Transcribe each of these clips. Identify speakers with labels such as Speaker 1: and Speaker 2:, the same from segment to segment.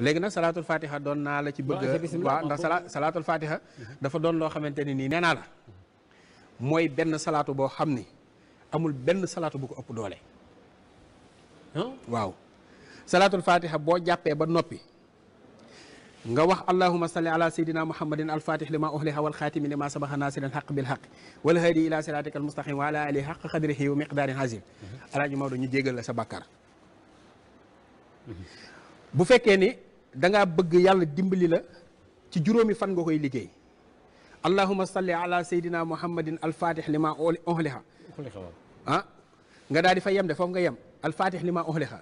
Speaker 1: léegi nag salaatul fatiha doon naa la ci bëgg waaw ndax sala salaatul fatiha dafa doon loo xamante ne nii nee la mooy benn salaatu boo xam ni amul benn salaatu bu ko ëpp doole waaw salaatul fatiha boo jàppee ba noppi nga wax allahuma salli ala sayidina muhammadin alfatih lima uhliha walxaatimi lima sabaxa nasir alxaq bilxaq walhaadi ila siratika almustaqim wa ala alihi xaq xadrihi wa miqdaarin azim mhm. alaaji Maodo ñu jégal la sa bàkkaar bu fekkee ni da nga bëgg yàlla dimbali la ci juróomi fan nga koy liggéey allahumma salli ala sayidina muhammadin al fatih lima ohliha ha nga daal fa yam de fof nga yam al fatih lima ohliha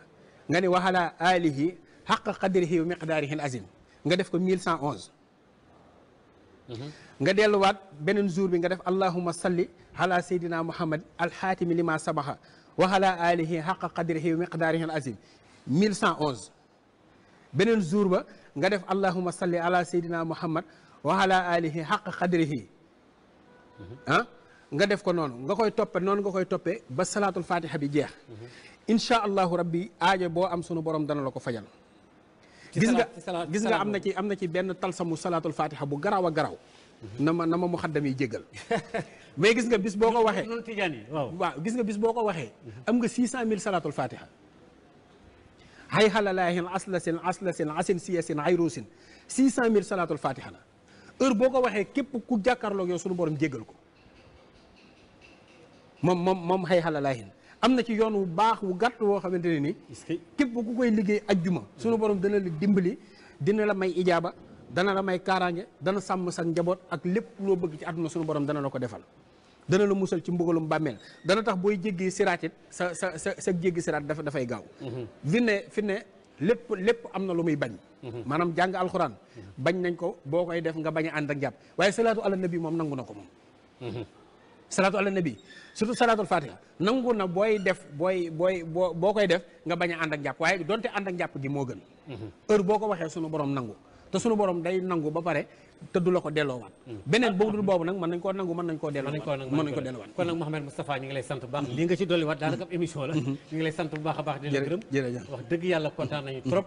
Speaker 1: nga ne waxala alihi xaq qadrihi wa miqdarihi al azim nga def ko 1111 nga wat benen jour bi nga def allahumma salli ala sayidina muhammad alxaatimi li ma sabaha wahala alihi xaq qadrihi wa miqdarihi al azim 1111 beneen jour ba nga def allahuma salli ala sayyidina muhammad wa ala alihi xaq qadrihi ah nga def ko noonu nga koy toppe noonu nga koy toppee ba salaatul fatiha bi jeex incha allahu rabbi aajo boo am sunu borom dana la ko fajal gis nga gis nga am na ci am na ci benn talsamu salaatul fatiha bu garaaw a garaaw na ma jégal mais gis nga bis boo ko waxee noonu waaw gis nga bis boo ko am nga six cent fatiha hay xalalaahin aslasin aslasin asin siyasin hayrusin six cent mille salaatul fatiha la heure boo ko waxee képp ku jàkkaarloog yow suñu borom jéggal ko moom moom xay hay xalalaahin am na ci yoon wu baax wu gàtt woo xamante ne ni képp ku koy liggéey ajjuma sunu borom dana la dimbali dina la may ijaaba dana la may kaaraange dana sàmm sa njaboot ak lépp loo bëgg ci àdduna suñu borom dana la ko defal dana la musal ci mbugalum bàmmeel dana tax booy jéggi siraat it sa sa sa sa jéggi siraat dafa dafay gaaw mhm. fi ne fi ne lépp lépp am na lu muy bañ mhm. maanaam jàng alxuraan mhm. bañ nañ ko boo koy def nga bañ a ànd ak jàpp waaye salaatu ala nabi moom nangu na ko moom salaatu ala bi surtout salaatul fatiha nangu na booy def booy boo boo koy def nga bañ a ànd ak jàpp waaye donte ànd ak jàpp gi moo gën mm-hmm. heure boo ko waxee sunu borom nangu te sunu borom day nangu ba pare te du la ko delloowaat mm-hmm. beneen boobu dul boobu nag mën nañ koo nangu mën nañ koo delloowaat mën kon nag Mouhamed Moustapha ñu ngi lay sant baax mm-hmm. li nga ci dolliwaat daanaka ab émission la ñu ngi lay sant bu baax a baax di la gërëm wax dëgg yàlla kontaan nañu trop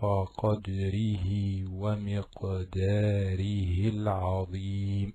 Speaker 1: حق قدره ومقداره العظيم